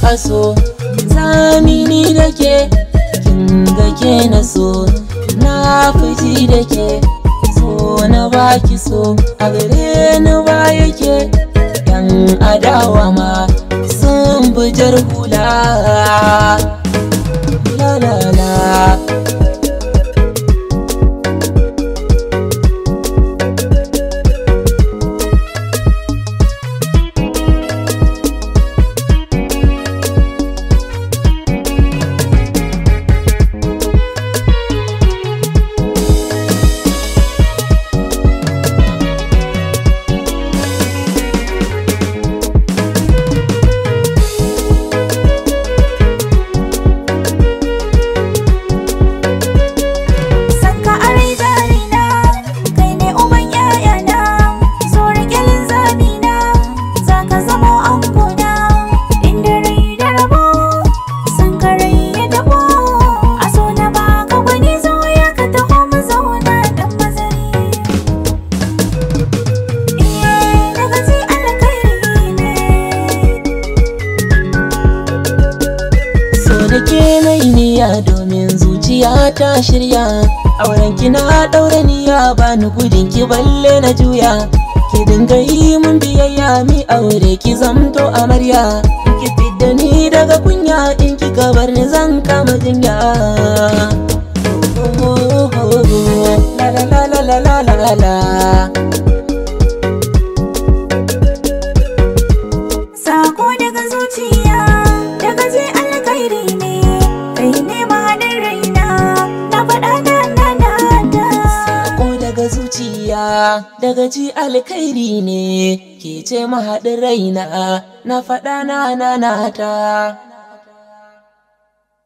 aso so zamini da ke kinga ke na so na fiji da ke so na baki so a gare na ba yake yan adawa ma sun bujar hula da ke na niyya domin zuciya ta shirya auren ki na daura niyya ba ni balle na juya ki dinga yi mun biyayya mi aure ki zamto amarya ki fidda ni daga kunya in ki bar ni zan kama jinya ya daga ji alkhairi ne ke ce mahaɗin raina na faɗa na nanata.